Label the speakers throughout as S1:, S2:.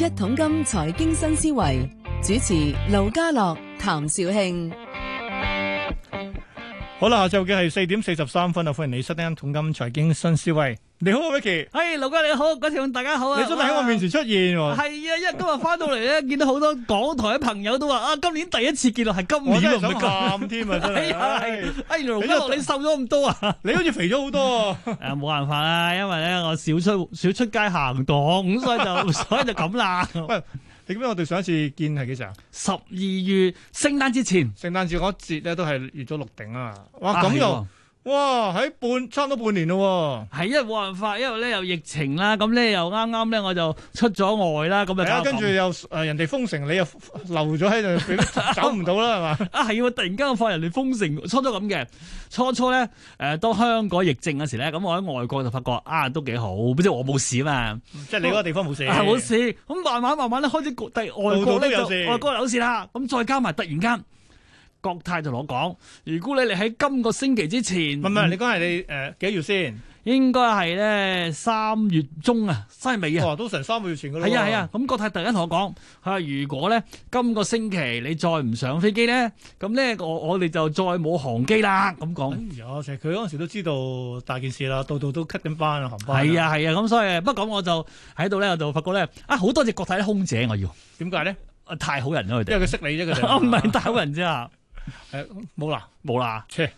S1: 一統金財經新思維主持劉家樂、譚紹興，
S2: 好啦，下晝嘅係四點四十三分啊，歡迎你收聽《統金財經新思維》。你好啊，Vicky，
S1: 係，盧家你好，嗰場
S2: 大家好啊。你真係喺我面前出
S1: 現喎。係啊，因為今日翻到嚟咧，見到好多港台嘅朋友都話啊，今年第一次見到係今年咁啱添啊，真係啊。哎呀，盧家，你瘦咗咁多啊？你好似肥咗好多。誒，冇辦法啦，因為咧我少出少出街行
S2: 動，所以就所以就咁啦。喂，你記得我哋上一次見係幾時啊？十二月聖誕之前，聖誕節嗰節咧都係越咗六頂啊。哇，咁又～
S1: 哇！喺半差唔多半年咯喎，係因為冇辦法，因為咧有疫情啦，咁咧又啱啱咧我就出咗外啦，咁啊跟住又誒、呃、人哋封城，你又留咗喺度， 走唔到啦係嘛？啊係啊！突然間我放人哋封城，初初咁嘅，初初咧誒、呃、當香港疫症嗰時咧，咁我喺外國就發覺啊都幾好，即係我冇事嘛，即係你嗰個地方冇事啊冇事，咁、啊、慢慢慢慢咧開始第外國咧外國有事啦，咁再加埋突然間。國泰就攞講，如果咧你喺今個星期之前，唔係，你講係你誒幾多月先？應該係咧三月中啊，三月尾啊，都成三個月前噶啦。係啊係啊，咁國泰突然同我講，佢話如果咧今個星期你再唔上飛機咧，咁咧我我哋就再冇航機啦。咁講，我成佢嗰陣時都知道大件事啦，度度都 cut 緊班航班。係啊係啊，咁所以不過我就喺度咧我就發覺咧，啊好多隻國泰啲空姐我要點解咧？太好人啦佢哋，因為佢識你啫佢。我唔係太好人啫。係冇啦，冇啦，切！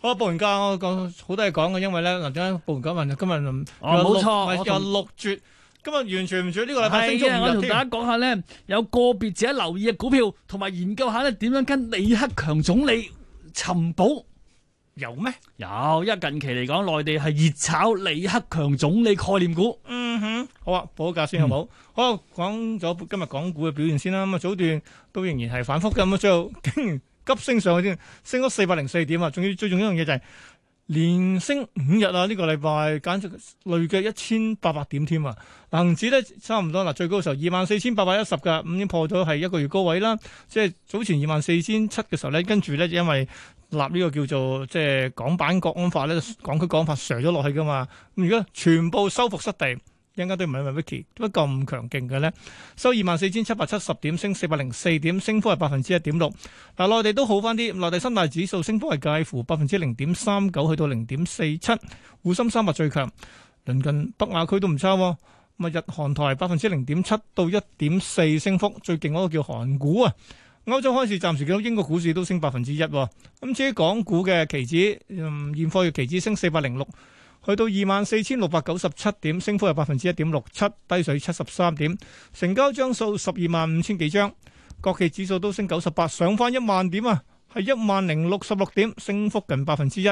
S1: 我報完價，我
S2: 講好多嘢講嘅，因為咧嗱，總報完價問，今日又冇錯，又
S1: 六絕，今日完全唔絕呢、這個禮拜升咗、啊、我同大家講下咧，有個別自己留意嘅股票，同埋研究一下咧，點樣跟李克強總理尋寶有咩？有，因為近期嚟講，內地係熱炒李克強總理概念股。嗯哼，
S2: 好啊，報咗價先好，唔好、嗯。好，講咗今日港股嘅表現先啦。咁啊，早段都仍然係反覆嘅咁，最後竟急升上去先，升咗四百零四點啊！仲要最重要一樣嘢就係連升五日啊！呢、這個禮拜簡直累計一千八百點添啊！嗱，恒指咧差唔多啦，最高嘅時候二萬四千八百一十噶，已經破咗係一個月高位啦。即、就、係、是、早前二萬四千七嘅時候咧，跟住咧因為立呢個叫做即係港版國安法咧，港區國安法 drop 咗落去噶嘛，咁而家全部收復失地。一間都唔係問 Vicky，點解咁強勁嘅咧？收二萬四千七百七十點，升四百零四點，升幅係百分之一點六。嗱，內地都好翻啲，內地三大指數升幅係介乎百分之零點三九去到零點四七，滬深三百最強，鄰近北亞區都唔差。咁啊，日韓台百分之零點七到一點四升幅，最勁嗰個叫韓股啊。歐洲開市暫時見到英國股市都升百分之一。咁至於港股嘅期指，嗯，現貨月期指升四百零六，去到二萬四千六百九十七點，升幅係百分之一點六七，低水七十三點，成交張數十二萬五千幾張，國企指數都升九十八，上返一萬點啊，係一萬零六十六點，升幅近百分之一。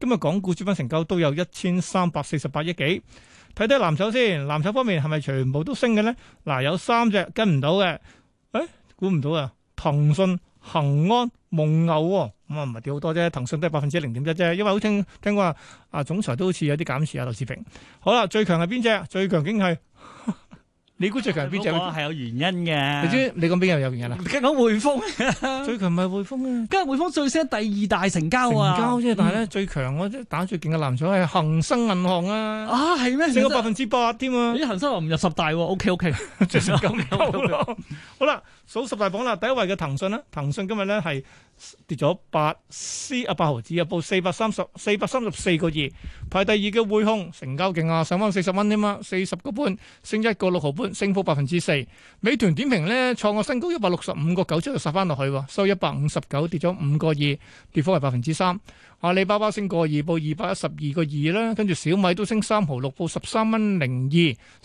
S2: 今日港股主板成交都有一千三百四十八億幾，睇睇藍籌先，藍籌方面係咪全部都升嘅呢？嗱、啊，有三隻跟唔、欸、到嘅，誒，估唔到啊，騰訊、恒安。蒙牛咁，哦、啊，唔係掉好多啫，騰訊都係百分之零點一啫，因為好聽聽講話啊，總裁都好似有啲減持啊，劉志平。好啦，最強係邊隻啊？最強竟係。
S1: 你估最強邊隻？係有原因嘅。你知
S2: 你講邊又有原因啦？
S1: 今日講匯豐，最強咪匯豐啊！今 日匯、啊、匯豐最先的第二大成交啊！成交啫，但係咧、嗯、最強我即
S2: 打最勁嘅男仔係恒
S1: 生銀行啊！啊，係咩？成個百分之八添啊！咦，恒生銀行唔
S2: 入十大喎、啊。O K O K，仲係咁咁講。好啦，數十大榜啦，第一位嘅騰訊啦，騰訊今日咧係。跌咗八 C 啊，八毫子啊，報四百三十，四百三十四個二，排第二嘅匯控成交勁啊，上翻四十蚊添啊，四十個半升一個六毫半，升幅百分之四。美團點評呢？創個新高一百六十五個九之後殺翻落去，收一百五十九，跌咗五個二，跌幅係百分之三。阿里巴巴升個二，報二百一十二個二啦，跟住小米都升三毫六，報十三蚊零二，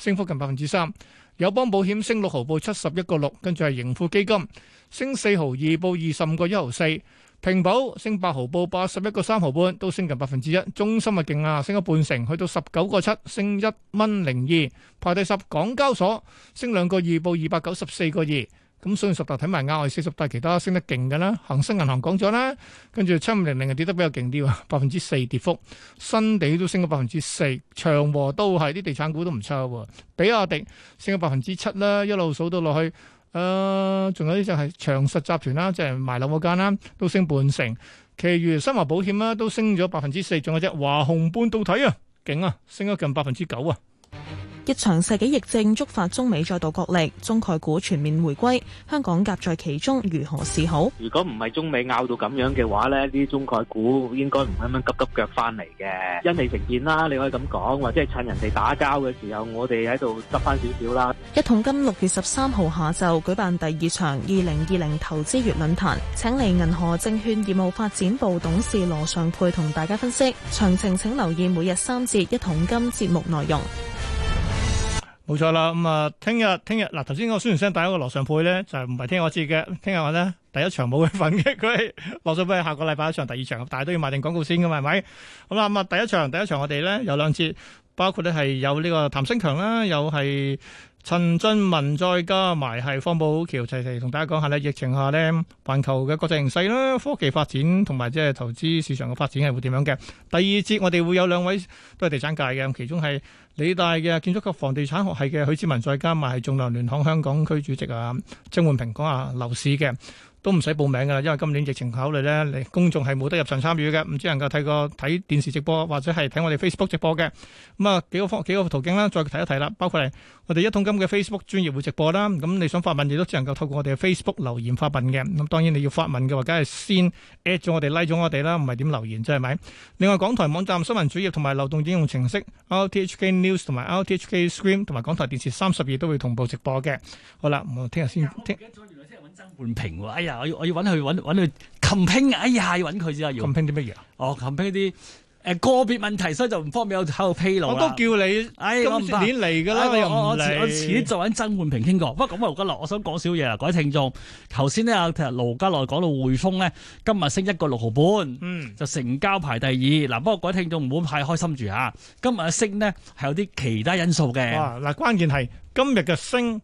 S2: 升幅近百分之三。友邦保險升六毫報七十一個六，跟住係盈富基金升四毫二報二十五個一毫四，平保升八毫報八十一個三毫半，都升近百分之一。中芯啊勁啊，升咗半成，去到十九個七，升一蚊零二，排第十，港交所升兩個二報二百九十四個二。咁所以十大睇埋額外四十大，其他升得勁嘅啦，恒生銀行講咗啦，跟住七五零零係跌得比較勁啲喎，百分之四跌幅，新地都升咗百分之四，長和都係啲地產股都唔錯喎，比亞迪升咗百分之七啦，一路數到落去，誒，仲有啲就係長實集團啦，即係賣樓嗰間啦，都升半成，其餘新華保險啦都升咗百分之四，仲有隻華虹半導體啊，勁啊，升咗近百分之九啊！一場世紀疫症觸發中美再度角力，中概股全面回歸，香港夾在其中，如何是
S1: 好？如果唔係中美拗到咁樣嘅話，呢啲中概股應該唔咁樣急急腳翻嚟嘅。因利成便啦，你可以咁講，或者係趁人哋打交嘅時候，我哋喺度執翻少少啦。一
S2: 桶金六月十三號下晝舉辦第二場二零二零投資月論壇，請嚟銀河證券業務發展部董事羅尚佩同大家分析，詳情請留意每日三節一桶金節目內容。冇錯啦，咁、嗯、啊，聽日聽日嗱，頭先個宣傳聲帶一個羅上配咧，就唔係聽我節嘅，聽日話咧第一場冇佢份嘅，佢羅尚佩下個禮拜一場，第二場，但係都要賣定廣告先噶嘛，係咪？好、嗯、啦，咁、嗯、啊，第一場第一場我哋咧有兩節，包括咧係有呢個譚生強啦，有係。陳俊文再加埋係方寶橋齊齊同大家講下咧，疫情下咧環球嘅國際形勢啦、科技發展同埋即係投資市場嘅發展係會點樣嘅？第二節我哋會有兩位都係地產界嘅，其中係理大嘅建築及房地產學系嘅許志文再加埋係仲量聯行香港區主席啊張煥平講下樓市嘅。都唔使報名噶啦，因為今年疫情考慮咧，你公眾係冇得入場參與嘅，唔只能夠睇個睇電視直播或者係睇我哋 Facebook 直播嘅。咁啊，幾個方幾個途徑啦，再睇一睇啦。包括係我哋一桶金嘅 Facebook 專業會直播啦。咁你想發問亦都只能夠透過我哋嘅 Facebook 留言發問嘅。咁當然你要發問嘅話，梗係先 at 咗我哋，like 咗我哋啦，唔係點留言啫，係咪？另外，港台網站新聞主頁同埋流動應用程式 RTHK News 同埋 RTHK Screen 同埋港台電視三十二都會同步直播嘅。好啦，我聽日先聽。
S1: 曾煥平喎，哎呀，我要我要揾佢揾揾佢傾，哎呀，揾佢先，要傾啲乜嘢？哦，傾啲誒個別問題，所以就唔方便我喺度披露啦。我都叫你，哎呀，今年嚟噶啦，我又唔嚟。我遲啲再曾煥平傾過，不過咁盧家樂，我想講少嘢啦，各位聽眾，頭先咧阿盧家樂講到滙豐咧，今日升一個六毫半，嗯，就成交排第二。嗱，不過各位聽眾唔好太開心住吓，今日升咧係有啲其他因素嘅。嗱，關鍵係今日嘅升。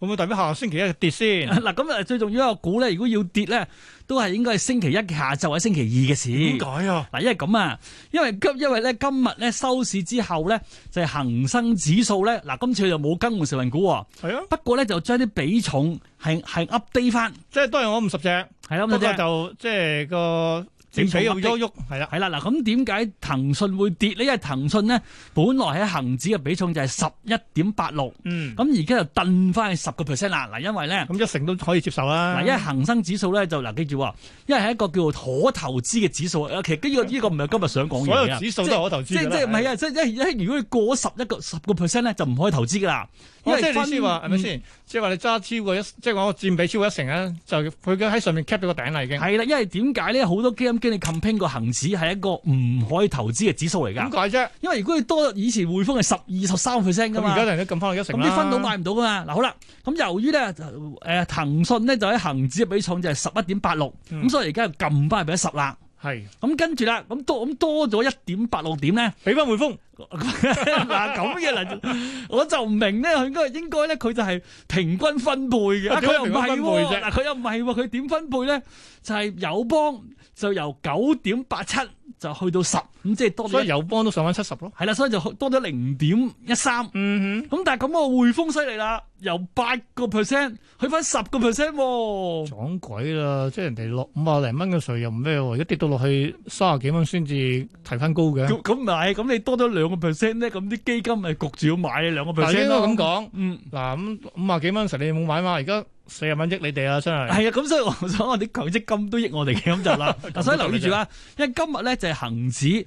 S1: 會唔會代表下星期一跌先？嗱，咁啊最重要一個股咧，如果要跌咧，都係應該係星期一嘅下晝，或者星期二嘅事。點解啊？嗱，因為咁啊，因為今因為咧今日咧收市之後咧，就係恒生指數咧，嗱今次就冇更換成份股。係啊。不過咧就將啲比重係係 update 翻，即係當然我五十隻，不過就即係個。整起咁多喐，係啦，係啦嗱，咁點解騰訊會跌呢？因為騰訊咧本來喺恒指嘅比重就係十一點八六，嗯，咁而家就褪翻去十個 percent 啦。嗱，因為咧，咁一成都可以接受啦。嗱，因為恒生指數咧就，嗱，記住，因為係一個叫做可投資嘅指數，其實呢、呢個呢、呢個唔係今日想講嘢，所有指數都係可投資嘅。即即唔係啊，即，即係即如果你過十一個十個 percent 咧，就唔可以投資噶啦。因為即係你話係咪
S2: 先？即係話你揸超過一，即係話我佔比超過一成啊，就佢嘅喺上面
S1: cap 咗個頂啦已經。係啦，因為點解咧？好多基金經理 comping 個恒指係一個唔可以投資嘅指數嚟噶。點解啫？因為如果你多以前匯豐係十二十三 percent 噶嘛，而家突然間撳翻去一成。咁啲分到買唔到噶嘛？嗱，好啦，咁由於咧，誒騰訊咧就喺恒指嘅比重就係十一點八六，咁所以而家又撳翻去俾一十啦。係咁跟住啦，咁多咁多咗一點八六點咧，俾翻匯豐嗱咁嘅啦， 樣子 我就唔明咧，佢應該應該，咧，佢就係平均分配嘅，佢又唔係，嗱佢又唔係，佢點分配咧、啊啊啊啊？就係、是、友邦就由九點八七就去到十，咁即係多咗，所以友邦都上翻七十咯，係啦，所以就多咗零點一三，嗯哼，咁但係咁個匯豐犀利啦。由八個 percent 去翻十個 percent，撞鬼啦！
S2: 即係人哋落五啊零蚊嘅稅又唔咩喎？而家跌到落去三十幾蚊先至提翻高嘅。
S1: 咁咪咁你多咗兩個 percent 咧？咁啲基金咪焗住要買兩個 percent 咯。咁講，
S2: 嗯，嗱咁五啊幾蚊時你冇買嘛？而家四十蚊益你哋啊，真係。係啊，咁
S1: 所以我想我啲強積金都益我哋嘅咁就啦。嗱，所以留意住啦，因為今日咧就係恒指誒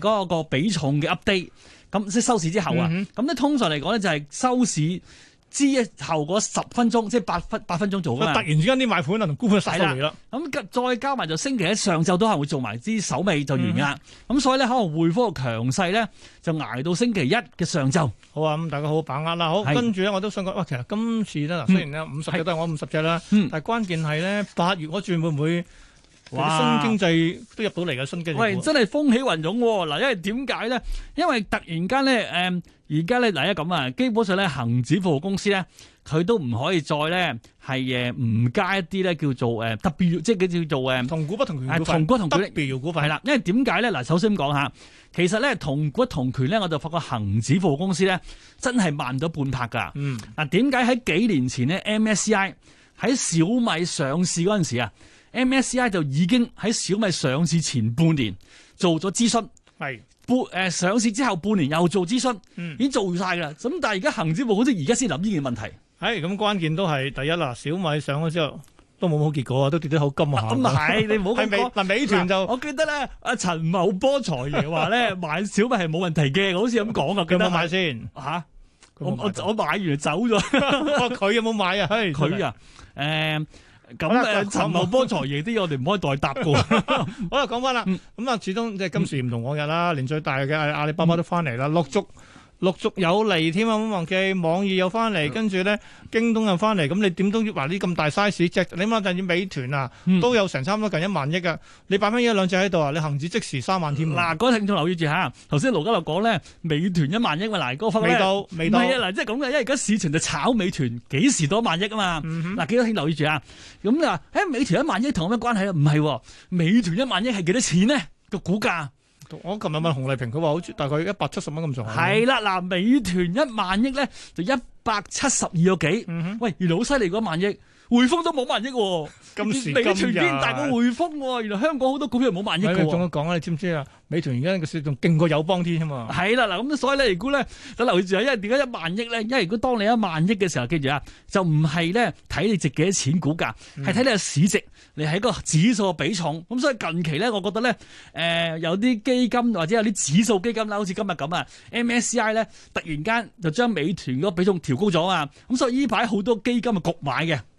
S1: 嗰個個比重嘅 update，咁即係收市之後啊，咁咧通常嚟講咧就係收市。之後嗰十分鐘，即係八分八分鐘做㗎嘛。突然之間啲買盤啊，同沽盤洗咗嚟啦。咁、嗯、再加埋就星期一上晝都係會做埋支手尾就完㗎。咁、嗯、所以呢，可能匯控嘅強勢咧，就捱到星期一嘅上晝。好啊，咁大家好好把握啦。好，跟
S2: 住呢，我都想講，哇，其實今次呢，嗱，雖然呢五十隻都係我五十隻啦，但係關鍵係呢，八月嗰轉會唔會？新經
S1: 濟都入到嚟嘅新經濟，喂，真係風起雲湧嗱！因為點解咧？因為突然間咧，誒，而家咧，嗱，一咁啊，基本上咧，恒指服務公司咧，佢都唔可以再咧係誒，唔加一啲咧叫做誒，特別即係叫做誒，同股不同權，係同股同權，特別要股份係啦。因為點解咧？嗱，首先講吓，其實咧，同股同權咧，我就發覺恒指服務公司咧，真係慢咗半拍噶。嗯，嗱，點解喺幾年前咧，MSCI 喺小米上市嗰陣時啊。M S C I 就已經喺小米上市前半年做咗諮詢，係半誒上市之後半年又做諮詢、嗯，已經做晒啦。咁但係而家行政部好似而家先諗呢件問題，係、哎、咁關鍵都係第一啦。小米上咗之後都冇好結果啊，都跌
S2: 得好金啊。咁係你冇結果嗱，美團就
S1: 我記得咧，阿陳茂波財爺話咧買小米係冇問題嘅，好似咁講佢有冇買先吓？我好像這樣的我買買、啊、我，我，我買完了走咗，佢 有冇買啊？佢、hey，啊，誒。欸。咁啊，陳茂、呃、
S2: 波財爺啲我哋唔可以代答嘅。 好啦，講翻啦，咁、嗯、啊、嗯，始終即係今時唔同往日啦，連、嗯、最大嘅阿里巴巴都翻嚟啦，落足。陸續有嚟添啊！忘記網易又翻嚟，跟住咧京東又翻嚟，咁你點都話啲咁大 size 即係你諗下，甚至美團啊都有成差唔多近一萬億嘅，你擺返一兩隻喺度啊？你恆指即時三萬添。嗱，各位聽眾留意
S1: 住嚇，頭先盧家立講咧，美團一萬億咪嗱，嗰忽咧未到未到，係啊，嗱即係咁嘅，因為而家市場就炒美團，幾時多萬億啊嘛？嗱，記得請留意住啊。咁你話，欸，美團一萬億同有咩關係啊？唔係，美團一萬億係幾多錢咧？個股價？我琴日問洪麗萍，佢話好似大概一百七十蚊咁上下。係啦，嗱，美團一萬億咧，就一百七十二個幾。嗯哼，喂，原來好犀利，一萬億。滙豐都冇萬億喎，啊，而家美團變大過滙豐喎。原來香港好多股票冇萬億嘅，啊。我仲想講啊，你知唔知啊？美團而家呢個市仲勁過友邦添啊。係啦，嗱咁所以咧，而家咧，我留意住啊，因為點解一萬億咧？因為如果當你一萬億嘅時候，記住啊，就唔係咧睇你值幾多錢股價，係、嗯、睇你個市值，你喺個指數比重。咁所以近期咧，我覺得咧，誒、呃、有啲基金或者有啲指數基金啦，好似今日咁啊，M S C I 咧突然間就將美團嗰比重調高咗啊。咁所以呢排好多基金啊，焗買嘅。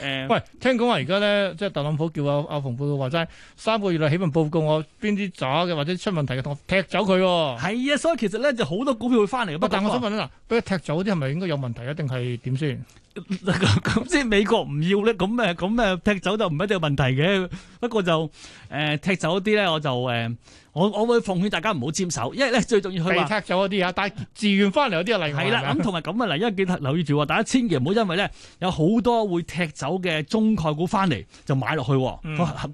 S1: 喂，聽講話而家咧，即係特朗普叫阿阿蓬布露話齋
S2: 三個月內起份報告我，我邊啲渣嘅或者出問題嘅，同我踢走佢。哦。係啊，所以其實咧就
S1: 好多股票會翻嚟，不過說，但我想問咧，俾佢踢走嗰啲係咪應該有問題啊？定係點先？咁即係美國唔要咧，咁咩咁咩踢走就唔一定有問題嘅。不過就誒、呃、踢走嗰啲咧，我就誒我我會奉勸大家唔好沾手，因為咧最重要佢話踢走嗰啲 啊，但係自願翻嚟有啲又例外。係啦，咁同埋咁啊，嗱，一記留意住，大家千祈唔好因為咧有好多會踢走。有嘅中概股翻嚟就買落去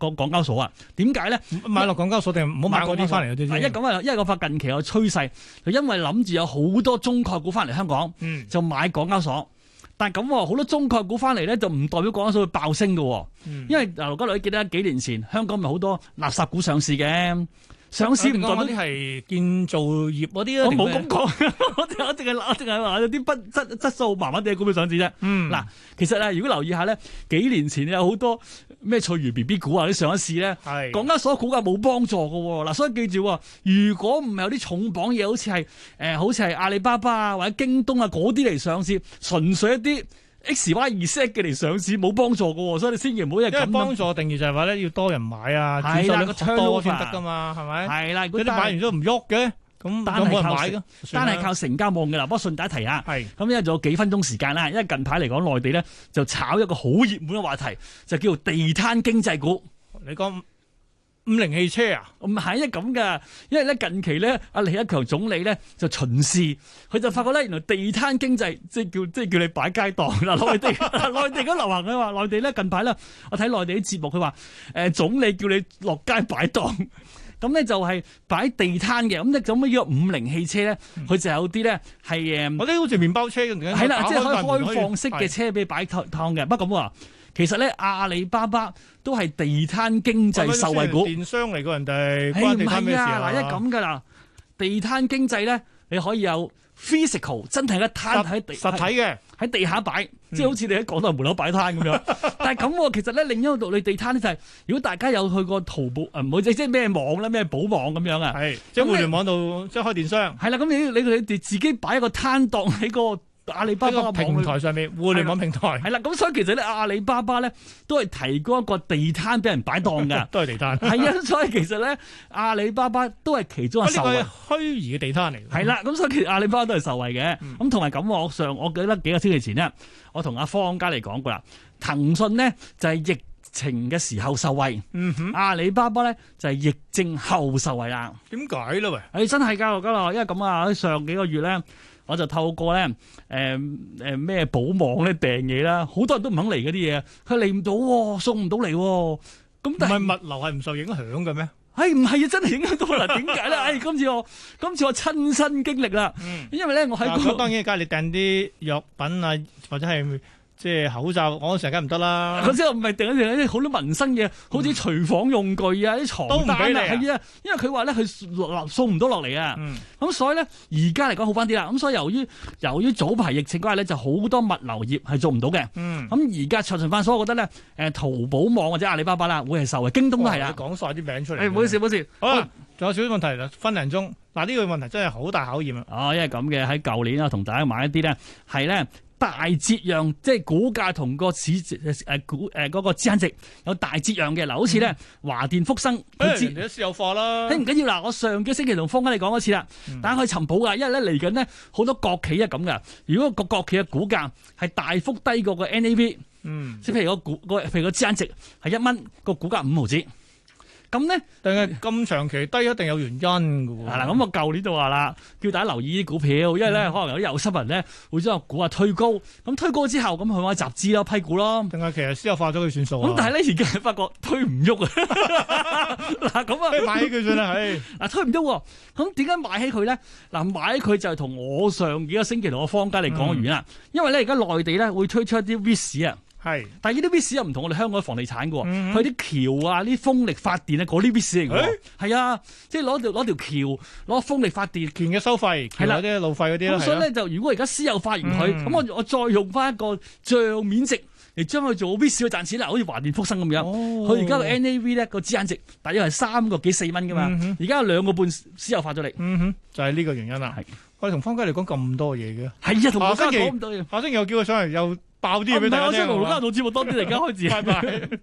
S1: 個港交所啊。點解咧？買落港交所定唔好買嗰啲翻嚟？嗱，一咁啊，因為我發近期嘅趨勢，就因為諗住有好多中概股翻嚟香港，就買港交所。但係咁喎、啊，好多中概股翻嚟咧，就唔代表港交所會爆升喎、嗯。因為嗱，各位記得幾年前香港咪好多垃圾股上市嘅。上市唔代表啲係建造業嗰啲啊，我冇咁講，我我淨係我淨係話有啲不質質素麻麻地股票上市啫。嗯，嗱，其實咧，如果留意下咧，幾年前有好多咩翠如 BB 股啊，你上一市咧，港交所股價冇幫助嘅。嗱，所以記住，哦，如果唔係有啲重磅嘢，好似係誒，好似係阿里巴巴啊或者京東啊嗰啲嚟上市，純粹一啲。X、Y、二 set 嘅嚟上市冇幫助㗎喎，所以你千祈唔好即係咁樣。因為幫助定義就係話咧，要多人買啊，至少個量多先得㗎
S2: 嘛，係咪？係啦，如果你買完都
S1: 唔喐嘅，
S2: 咁單係買咯，單係靠
S1: 成交旺嘅啦。不過順帶一提下，係咁，因為仲有幾分鐘時間啦。因為近排嚟講，內地咧就炒一個好熱門嘅話題，就叫做地攤經濟股。你講。五菱汽車啊，唔係一為咁嘅，因為咧近期咧，阿李克強總理咧就巡視，佢就發覺咧，原來地攤經濟即係、即係、叫即係、即係、叫你擺街檔嗱，地 內地內地內地而家流行嘅話，內地咧近排咧，我睇內地啲節目，佢話誒總理叫你落街擺檔，咁咧就係擺地攤嘅，咁咧做乜要五菱汽車咧？佢、嗯、就有啲咧係誒，我啲好似麪包車咁樣，係啦，即係可以、即係、開放式嘅車俾你擺攤嘅，不過咁喎。其實咧，阿里巴巴都係地攤經濟受惠股。電
S2: 商嚟個，人哋。係、欸、啊，嗱、啊，一咁
S1: 噶啦。地攤經濟咧，你可以有 physical，真係一攤喺地實體嘅，喺地下擺、嗯，即係好似你喺廣東門樓擺攤咁樣。 但係咁、啊，其實咧，另一個道理地攤咧就係、是，如果大家有去過淘寶，唔好即係咩網咧，咩寶網咁樣啊。係，即、就、係、是、互聯網度，即係開電商。係啦，咁你你哋自己擺一個攤檔喺個。阿里巴巴平台上面，互聯網平台係啦，咁所以其實咧，阿里巴巴咧都係提供一個地攤俾人擺檔噶，都係地攤係啊，所以其實咧，阿里巴巴都係其中一個
S2: 虛擬嘅地攤嚟，
S1: 係啦，咁所以其實阿里巴巴都係 受惠嘅，咁同埋感覺上，我上，我記得幾個星期前咧，我同阿方家嚟講過啦，騰訊咧就係疫情嘅時候受惠，嗯、哼阿里巴巴咧就係疫症後受惠啦，點解咯喂？誒，真係噶，教育，因為咁啊，喺上幾個月咧。我就透過咧，誒誒咩寶網咧訂嘢啦，好多人都唔肯嚟嗰啲嘢，佢嚟唔到喎，送唔到嚟喎，咁但係物流係唔受影響嘅咩？唉、哎，唔係啊，真係影響到啦，點解咧？唉、哎，今次我今次我親身經歷
S2: 啦、嗯，因為咧我喺嗰、那個，當然梗係你訂啲藥品啊，或者係。即係
S1: 口罩，我成日梗唔得啦。嗰之後唔係定一定啲好多民生嘅，好似廚房用具啊，啲、嗯、床單啊，係啊，啊，因為佢話咧，佢送唔到落嚟啊。咁、嗯、所以咧，而家嚟講好翻啲啦。咁所以由於由於早排疫情關係咧，就好多物流業係做唔到嘅。咁、嗯、而家上上翻，所以我覺得咧，誒，淘寶網或者阿里巴巴啦，會係受惠，京東都係啊。講晒啲名出嚟。唔、哎、好意思，唔好意思。哦，仲有少少問題啦，分零鐘。嗱，呢個問題真係好大考驗啊。哦，因為咁嘅喺舊年啊，同大家買一啲咧，係咧。大折讓，即係股價同個市誒股誒個資產值有大折讓嘅，嗱、嗯，好似咧華電福生，誒、欸，
S2: 你私有化啦，誒，唔緊
S1: 要，啦我上個星期同方生你講一次啦，但係佢尋寶噶，因為咧嚟緊咧好多國企啊咁噶，如果個國企嘅股價係大幅低過個 NAV 嗯，即譬如個股譬如個資產值係一蚊，個股價五毫紙。咁咧，定係咁長期低一定有原因嘅喎。啦、啊，咁我舊年就話啦，叫大家留意啲股票，因為咧可能有啲有心人咧會將個股啊推高。咁推高之後，咁佢可集資啦、批股啦。定係其實私有化咗佢算數？咁但係咧，而家發覺推唔喐 啊！嗱，咁啊買佢算啦，唉，嗱推唔喐。咁點解買起佢咧？嗱買佢就係同我上幾個星期同我方家嚟講完啦、嗯。因為咧，而家內地咧會推出一啲 v 啊。係，但係呢啲 B 市又唔同我哋香港嘅房地產嘅，佢啲橋啊、啲風力發電啊，嗰啲 B 市嚟嘅。係啊，即係攞條攞條橋，攞風力發電，權嘅、欸啊、收費，係啦，啲路費嗰啲啦。所以咧、啊，就如果而家私有化完佢，咁、嗯、我、嗯、我再用翻一個賬面值嚟將佢做 B 市嘅賺錢啦，好似華電福生咁樣。佢而家個 NAV 咧個資產值大約係三個幾四蚊噶嘛，而、嗯、家有兩個半私有化咗嚟、嗯，就係、是、呢個原因啦。
S2: 我哋同方家嚟講咁多嘢嘅，下、啊啊、星期下、啊、星期又叫佢上嚟又。唔係、啊，我先勞碌家做節目多啲嚟，而家開始。 拜拜。